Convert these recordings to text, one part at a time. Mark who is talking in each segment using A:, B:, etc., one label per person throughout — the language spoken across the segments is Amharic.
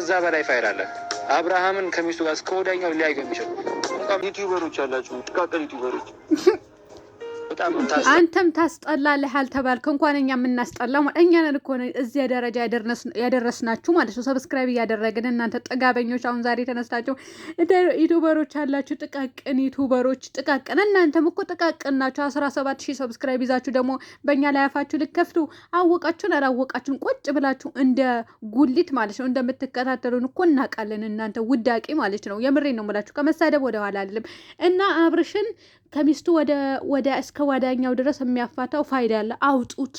A: ከዛ በላይ ፋይል አለ። አብርሃምን ከሚስቱ ጋር እስከ ወዲያኛው ሊያገኝ የሚችል ዩቲዩበሮች አላችሁ ጥቃቅን ዩቲዩበሮች
B: አንተም ታስጠላለህ አልተባልክ እንኳን እኛ የምናስጠላ ነን እኮ እዚህ ደረጃ ያደረስናችሁ ማለት ነው። ሰብስክራይብ እያደረግን እናንተ ጥጋበኞች፣ አሁን ዛሬ ተነስታችሁ ዩቱበሮች አላችሁ፣ ጥቃቅን ዩቱበሮች፣ ጥቃቅን እናንተም እኮ ጥቃቅን ናችሁ። አስራ ሰባት ሺህ ሰብስክራይብ ይዛችሁ ደግሞ በእኛ ላይ አፋችሁ ልከፍቱ አወቃችሁን አላወቃችሁን ቁጭ ብላችሁ እንደ ጉሊት ማለት ነው እንደምትከታተሉን እኮ እናውቃለን። እናንተ ውዳቂ ማለት ነው። የምሬ ነው የምላችሁ። ከመሳደብ ወደኋላ አይደለም እና አብርሽን ከሚስቱ ወደ እስከ ዋዳኛው ድረስ የሚያፋታው ፋይዳ አለ። አውጡት፣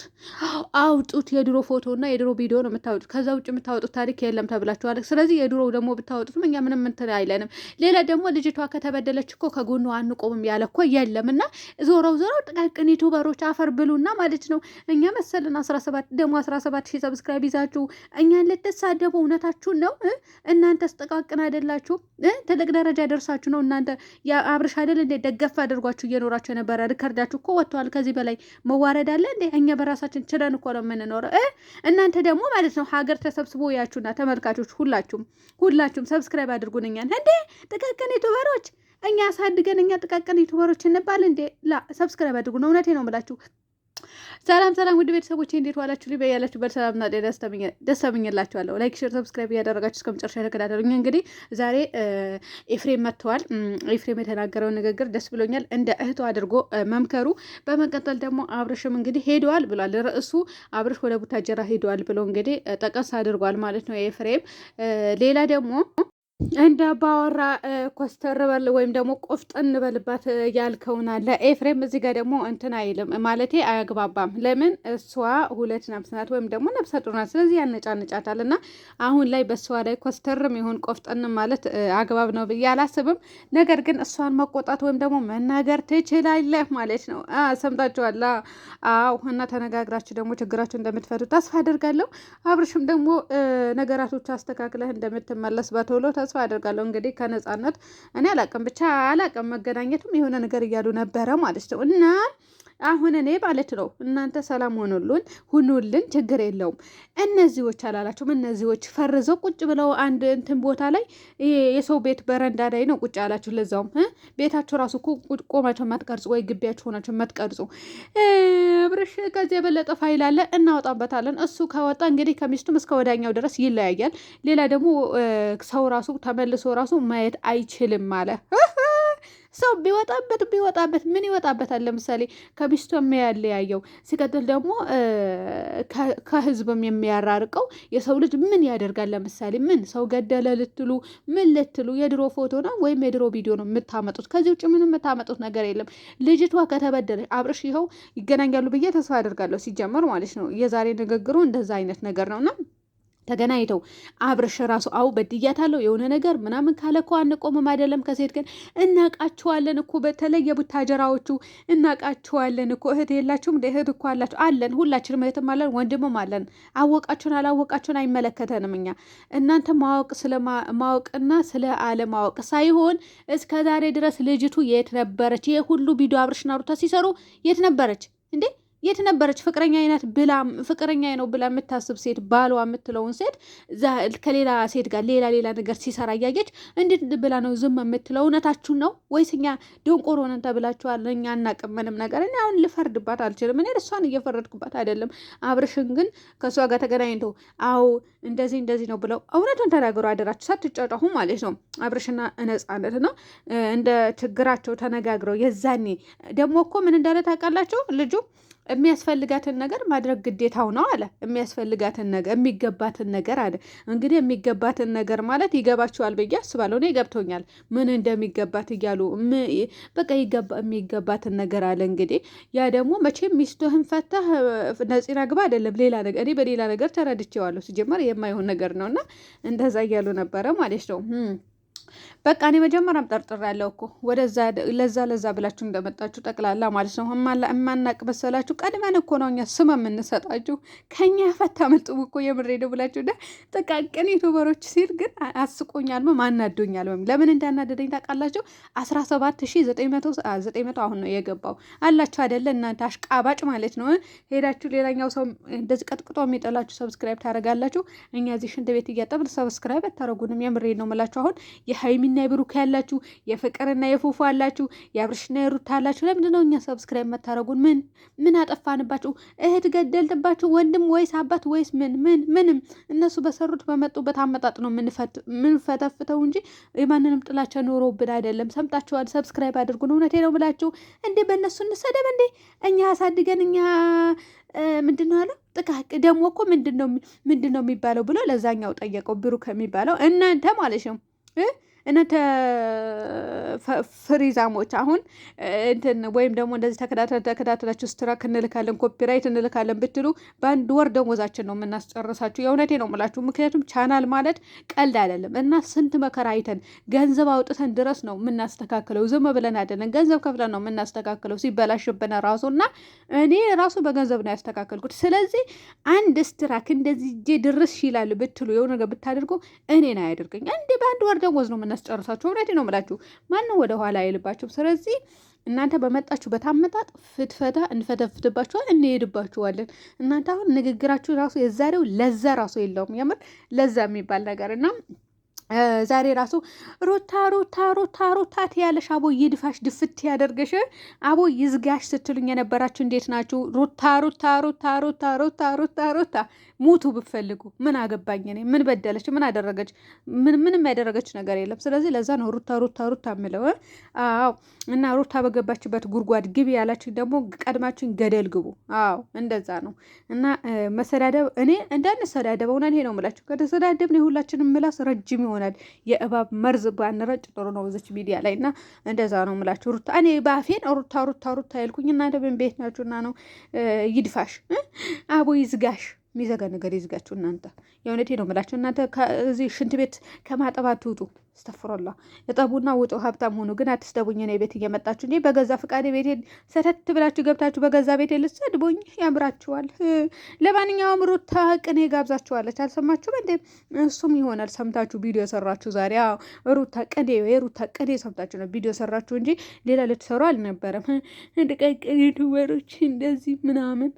B: አውጡት። የድሮ ፎቶ እና የድሮ ቪዲዮ ነው የምታወጡት። ከዛ ውጭ የምታወጡት ታሪክ የለም ተብላችኋል። ስለዚህ የድሮ ደግሞ ብታወጡት እኛ ምንም እንትን አይለንም። ሌላ ደግሞ ልጅቷ ከተበደለች እኮ ከጎኑ አንቆምም ያለ እኮ የለም። እና ዞረው ዞረው ጥቃቅን ዩቱበሮች አፈር ብሉና ማለት ነው። እኛ መሰልን አስራ ሰባት ደግሞ አስራ ሰባት ሺህ ሰብስክራይብ ይዛችሁ እኛን ልትሳደቡ እውነታችሁን ነው? እናንተስ ጥቃቅን አይደላችሁ? ትልቅ ደረጃ ደርሳችሁ ነው እናንተ። አብርሽ አይደል እንደ ደገፍ አድርጓችሁ እየኖራችሁ የነበረ ሪከርዳችሁ ጊዜያችሁ እኮ ወጥተዋል። ከዚህ በላይ መዋረድ አለ እንዴ? እኛ በራሳችን ችለን እኮ ነው የምንኖረው። እናንተ ደግሞ ማለት ነው ሀገር ተሰብስቦ ያችሁና ተመልካቾች ሁላችሁም ሁላችሁም ሰብስክራይብ አድርጉን እኛን እንዴ ጥቃቅን ዩቱበሮች እኛ አሳድገን እኛ ጥቃቅን ዩቱበሮች እንባል እንዴ? ላ ሰብስክራይብ አድርጉን። እውነቴ ነው የምላችሁ። ሰላም ሰላም፣ ውድ ቤተሰቦች እንዴት ዋላችሁ? ሊበ ያላችሁበት ሰላምና ደስ ደስታ እመኝላችኋለሁ። ላይክ፣ ሼር፣ ሰብስክራይብ እያደረጋችሁ እስከ መጨረሻ ተከታተሉኝ። እንግዲህ ዛሬ ኤፍሬም መጥተዋል። ኤፍሬም የተናገረው ንግግር ደስ ብሎኛል፣ እንደ እህቱ አድርጎ መምከሩ። በመቀጠል ደግሞ አብርሽም እንግዲህ ሄደዋል ብሏል። ርዕሱ አብርሽ ወደ ቡታጀራ ሄደዋል ብሎ እንግዲህ ጠቀስ አድርጓል ማለት ነው ኤፍሬም። ሌላ ደግሞ እንደ አባወራ ኮስተር በል ወይም ደግሞ ቆፍጠን በልባት ያልከውን አለ ኤፍሬም። እዚህ ጋር ደግሞ እንትን አይልም ማለት አያግባባም። ለምን እሷ ሁለት ነፍስ ናት ወይም ደግሞ ነፍሰ ጡር ናት። ስለዚህ ያነጫንጫታል እና አሁን ላይ በእሷ ላይ ኮስተርም ይሁን ቆፍጠን ማለት አግባብ ነው ብዬ አላስብም። ነገር ግን እሷን መቆጣት ወይም ደግሞ መናገር ትችላለህ ማለት ነው። ሰምታችኋል? አዎ። እና ተነጋግራችሁ ደግሞ ችግራችሁ እንደምትፈቱ ተስፋ አደርጋለሁ። አብርሽም ደግሞ ነገራቶች አስተካክለህ እንደምትመለስ በቶሎ ተስፋ አደርጋለሁ። እንግዲህ ከነጻነት እኔ አላቅም ብቻ አላቅም መገናኘቱም የሆነ ነገር እያሉ ነበረ ማለት ነው እና አሁን እኔ ማለት ነው እናንተ ሰላም ሆኖልን ሁኑልን፣ ችግር የለውም። እነዚዎች አላላቸውም። እነዚዎች ፈርዘው ቁጭ ብለው አንድ እንትን ቦታ ላይ የሰው ቤት በረንዳ ላይ ነው ቁጭ ያላችሁ። ለዛውም ቤታችሁ ራሱ ቆማቸው የማትቀርጹ ወይ ግቢያችሁ ሆናቸው የማትቀርጹ ብርሽ፣ ከዚህ የበለጠ ፋይል አለ፣ እናወጣበታለን። እሱ ከወጣ እንግዲህ ከሚስቱም እስከ ወዳኛው ድረስ ይለያያል። ሌላ ደግሞ ሰው ራሱ ተመልሶ ራሱ ማየት አይችልም አለ። ሰው ቢወጣበት ቢወጣበት ምን ይወጣበታል? ለምሳሌ ከሚስቱ የሚያለያየው ሲቀጥል ደግሞ ከህዝብም የሚያራርቀው የሰው ልጅ ምን ያደርጋል? ለምሳሌ ምን ሰው ገደለ ልትሉ ምን ልትሉ የድሮ ፎቶ ነው ወይም የድሮ ቪዲዮ ነው የምታመጡት። ከዚህ ውጭ ምን የምታመጡት ነገር የለም። ልጅቷ ከተበደለች አብርሽ ይኸው ይገናኛሉ ብዬ ተስፋ አደርጋለሁ። ሲጀመር ማለት ነው የዛሬ ንግግሩ እንደዛ አይነት ነገር ነውና ተገናኝተው አብርሽ ራሱ አው በድያታለሁ የሆነ ነገር ምናምን ካለ እኮ አንቆምም አይደለም ከሴት ግን እናቃችኋለን እኮ በተለይ የቡታጀራዎቹ እናቃችኋለን እኮ እህት የላችሁም እንደ እህት እኮ አላችሁ አለን ሁላችንም እህትም አለን ወንድምም አለን አወቃችሁን አላወቃችሁን አይመለከተንም እኛ እናንተ ማወቅ ስለማወቅና ስለ አለማወቅ ሳይሆን እስከ ዛሬ ድረስ ልጅቱ የት ነበረች ይህ ሁሉ ቪዲዮ አብርሽና ሩታ ሲሰሩ የት ነበረች እንዴ የት ነበረች ፍቅረኛ አይነት ብላ ፍቅረኛ ነው ብላ የምታስብ ሴት ባሏ የምትለውን ሴት ከሌላ ሴት ጋር ሌላ ሌላ ነገር ሲሰራ እያየች እንዴት ብላ ነው ዝም የምትለው? እውነታችሁን ነው ወይስ እኛ ደንቆሮ ነን ተብላችኋል? እኛ አናቅም ነገር። እኔ አሁን ልፈርድባት አልችልም። እኔ እሷን እየፈረድኩባት አይደለም። አብርሽን ግን ከእሷ ጋር ተገናኝቶ አዎ እንደዚህ እንደዚህ ነው ብለው እውነቱን ተናገሩ አደራችሁ፣ ሳትጫጫሁ ማለት ነው። አብርሽና ነፃነት ነው እንደ ችግራቸው ተነጋግረው የዛኔ ደግሞ እኮ ምን እንዳለ ታውቃላችሁ ልጁ የሚያስፈልጋትን ነገር ማድረግ ግዴታው ነው አለ። የሚያስፈልጋትን ነገር የሚገባትን ነገር አለ። እንግዲህ የሚገባትን ነገር ማለት ይገባችኋል ብዬ አስባለሁ። እኔ ገብቶኛል፣ ምን እንደሚገባት እያሉ በቃ የሚገባትን ነገር አለ። እንግዲህ ያ ደግሞ መቼም ሚስትህን ፈታህ ነፂን አግባ አይደለም ሌላ ነገር። እኔ በሌላ ነገር ተረድቼዋለሁ። ሲጀመር የማይሆን ነገር ነው እና እንደዛ እያሉ ነበረ ማለት ነው። በቃ እኔ መጀመሪያም ጠርጥር ያለው እኮ ወደዛ ለዛ ለዛ ብላችሁ እንደመጣችሁ ጠቅላላ ማለት ነው። እማናቅ መሰላችሁ? ቀድመን እኮ ነው እኛ ስም የምንሰጣችሁ ከኛ መጥቡ እኮ የምሬደ ብላችሁ ደ ጥቃቅን ዩቱበሮች ሲል ግን አስቆኛል፣ ማናዶኛል። ወይም ለምን እንዳናደደኝ ታውቃላችሁ? አስራ ሰባት ሺ ዘጠኝ መቶ አሁን ነው የገባው አላችሁ አይደለ? እናንተ አሽቃባጭ ማለት ነው። ሄዳችሁ ሌላኛው ሰው እንደዚህ ቀጥቅጦ የሚጠላችሁ ሰብስክራይብ ታደርጋላችሁ። እኛ እዚህ ሽንት ቤት እያጠብን ሰብስክራይብ አታደርጉንም። የምሬ ነው የምላችሁ አሁን የ የሀይሚና የብሩክ ያላችሁ፣ የፍቅርና የፉፉ አላችሁ፣ የአብርሽና የሩታ አላችሁ። ለምንድን ነው እኛ ሰብስክራይብ መታረጉን? ምን ምን አጠፋንባችሁ? እህት ገደልንባችሁ? ወንድም ወይስ አባት ወይስ ምን ምን ምንም? እነሱ በሰሩት በመጡበት አመጣጥ ነው ምንፈተፍተው እንጂ የማንንም ጥላቸው ኖሮብን አይደለም። ሰምታችኋል። ሰብስክራይብ አድርጉን። እውነቴ ነው ብላችሁ እንዴ በእነሱ እንሰደብ እንዴ? እኛ አሳድገን እኛ ምንድን ነው ያለው? ጥቃቅ ደግሞ እኮ ምንድን ነው የሚባለው ብሎ ለዛኛው ጠየቀው። ብሩክ የሚባለው እናንተ ማለት ነው። እነተ ፍሪዛሞች አሁን እንትን ወይም ደግሞ እንደዚህ ተከታተለ ተከታተላችሁ ስትራክ እንልካለን ኮፒራይት እንልካለን ብትሉ በአንድ ወር ደሞዛችን ነው የምናስጨርሳችሁ። የእውነቴ ነው የምላችሁ። ምክንያቱም ቻናል ማለት ቀልድ አይደለም እና ስንት መከራ አይተን ገንዘብ አውጥተን ድረስ ነው የምናስተካክለው። ዝም ብለን አይደለም ገንዘብ ከፍለን ነው የምናስተካክለው። ሲበላሽብን ራሱ እና እኔ ራሱ በገንዘብ ነው ያስተካከልኩት። ስለዚህ አንድ ስትራክ እንደዚህ እጄ ድርስ ይላል ብትሉ የሆነ ነገር ብታደርጉ እኔን አያደርገኝ እንዲህ በአንድ ወር ደሞዝ ነው እናስጨርሳችሁ። እውነቴን ነው የምላችሁ፣ ማንም ወደ ኋላ አይልባችሁም። ስለዚህ እናንተ በመጣችሁ በታመጣጥ ፍትፈታ እንፈተፍትባችኋል፣ እንሄድባችኋለን። እናንተ አሁን ንግግራችሁ ራሱ የዛሬው ለዛ ራሱ የለውም የምር ለዛ የሚባል ነገር እና ዛሬ ራሱ ሩታ ሩታ ሩታ ሩታ ትያለሽ አቦ ይድፋሽ ድፍት ያደርገሽ አቦ ይዝጋሽ ስትሉኝ የነበራችሁ እንዴት ናችሁ? ሩታ ሩታ ሩታ ሩታ ሩታ ሩታ ሩታ ሙቱ ብፈልጉ ምን አገባኝ እኔ። ምን በደለች? ምን አደረገች? ምንም ያደረገች ነገር የለም። ስለዚህ ለዛ ነው ሩታ ሩታ ሩታ የምለው። አዎ እና ሩታ በገባችበት ጉድጓድ ግቢ ያላችሁ ደግሞ ቀድማችሁን ገደል ግቡ። አዎ እንደዛ ነው እና መሰዳደብ እኔ እንዳንሰዳደበው ነው ነው የምላችሁ። ከተሰዳደብን የሁላችንም ምላስ ረጅም ይሆናል። ይሆናል። የእባብ መርዝ ባንረጭ ጥሩ ነው እዚች ሚዲያ ላይ እና እንደዛ ነው የምላችሁ። ሩታ እኔ ባፌን ሩታ ሩታ ሩታ ያልኩኝ እናንተ ምን ቤት ናችሁና ነው? ይድፋሽ አቦ ይዝጋሽ። የሚዘጋ ነገር ይዝጋችሁ እናንተ። የእውነቴ ነው የምላችሁ እናንተ ከዚህ ሽንት ቤት ከማጠባት ውጡ። ስተፍሮላ እጠቡና ውጡ። ሀብታም ሆኑ፣ ግን አትስደቡኝ። እኔ ቤት እየመጣችሁ እንጂ በገዛ ፈቃዴ ቤቴ ሰተት ብላችሁ ገብታችሁ በገዛ ቤቴ ልትሰድቡኝ ያምራችኋል። ለማንኛውም ሩታ ቅኔ ጋብዛችኋለች። አልሰማችሁም እንዴ? እሱም ይሆናል ሰምታችሁ ቪዲዮ ሰራችሁ። ዛሬ። ሩታ ቅኔ የሩታ ቅኔ ሰምታችሁ ነው ቪዲዮ ሰራችሁ እንጂ ሌላ ልትሰሩ አልነበረም። እንደቀቅኔ ድወሮች እንደዚህ ምናምን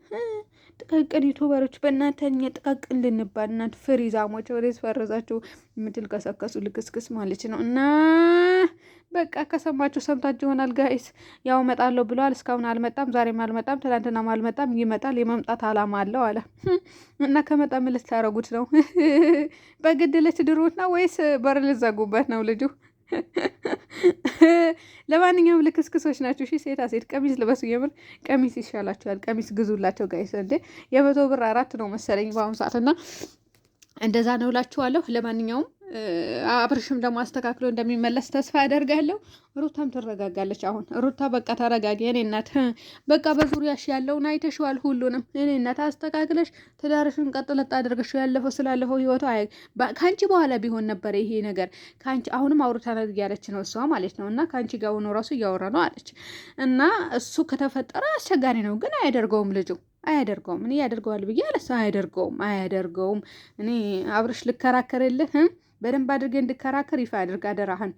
B: ጥቃቅን ዩቱበሮች በእናንተ እኛ ጥቃቅን ልንባል እናንተ ፍሪዛሞች ወደ ፈረዛችሁ የምትል ከሰከሱ ልክስክስ ማለች ነው እና በቃ ከሰማችሁ ሰምታችሁ ይሆናል ጋይስ። ያው እመጣለሁ ብለዋል። እስካሁን አልመጣም፣ ዛሬም አልመጣም፣ ትናንትናም አልመጣም። ይመጣል፣ የመምጣት አላማ አለው አለ እና ከመጣ ምልስ ታረጉት ነው? በግድ ልትድሩት ነው ወይስ በር ልዘጉበት ነው ልጁ? ለማንኛውም ልክስክሶች ናቸው። እሺ ሴታ ሴት ቀሚስ ልበሱ። የምር ቀሚስ ይሻላቸዋል። ቀሚስ ግዙላቸው ጋይስ። እንዴ የመቶ ብር አራት ነው መሰለኝ በአሁኑ ሰዓት እና እንደዛ ነው እላችኋለሁ። ለማንኛውም አብርሽም ደግሞ አስተካክሎ እንደሚመለስ ተስፋ አደርጋለሁ። ሩታም ትረጋጋለች። አሁን ሩታ በቃ ተረጋጊ፣ እኔ እናት በቃ በዙሪያሽ ያለውን አይተሽዋል ሁሉንም። እኔ እናት አስተካክለሽ ትዳርሽን ቀጥለጥ አድርገሽ ያለፈው ስላለፈው ህይወቱ ከአንቺ በኋላ ቢሆን ነበር ይሄ ነገር ከአንቺ አሁንም ነግ ያለች ነው እሷ ማለት ነው። እና ከአንቺ ጋር ሆኖ ራሱ እያወራ ነው አለች። እና እሱ ከተፈጠረ አስቸጋሪ ነው፣ ግን አያደርገውም ልጁ አያደርገውም እኔ ያደርገዋል ብዬ አለሰ አያደርገውም አያደርገውም እኔ አብርሽ ልከራከርልህ በደንብ አድርገህ እንድከራከር ይፋ አድርግ አደራህን።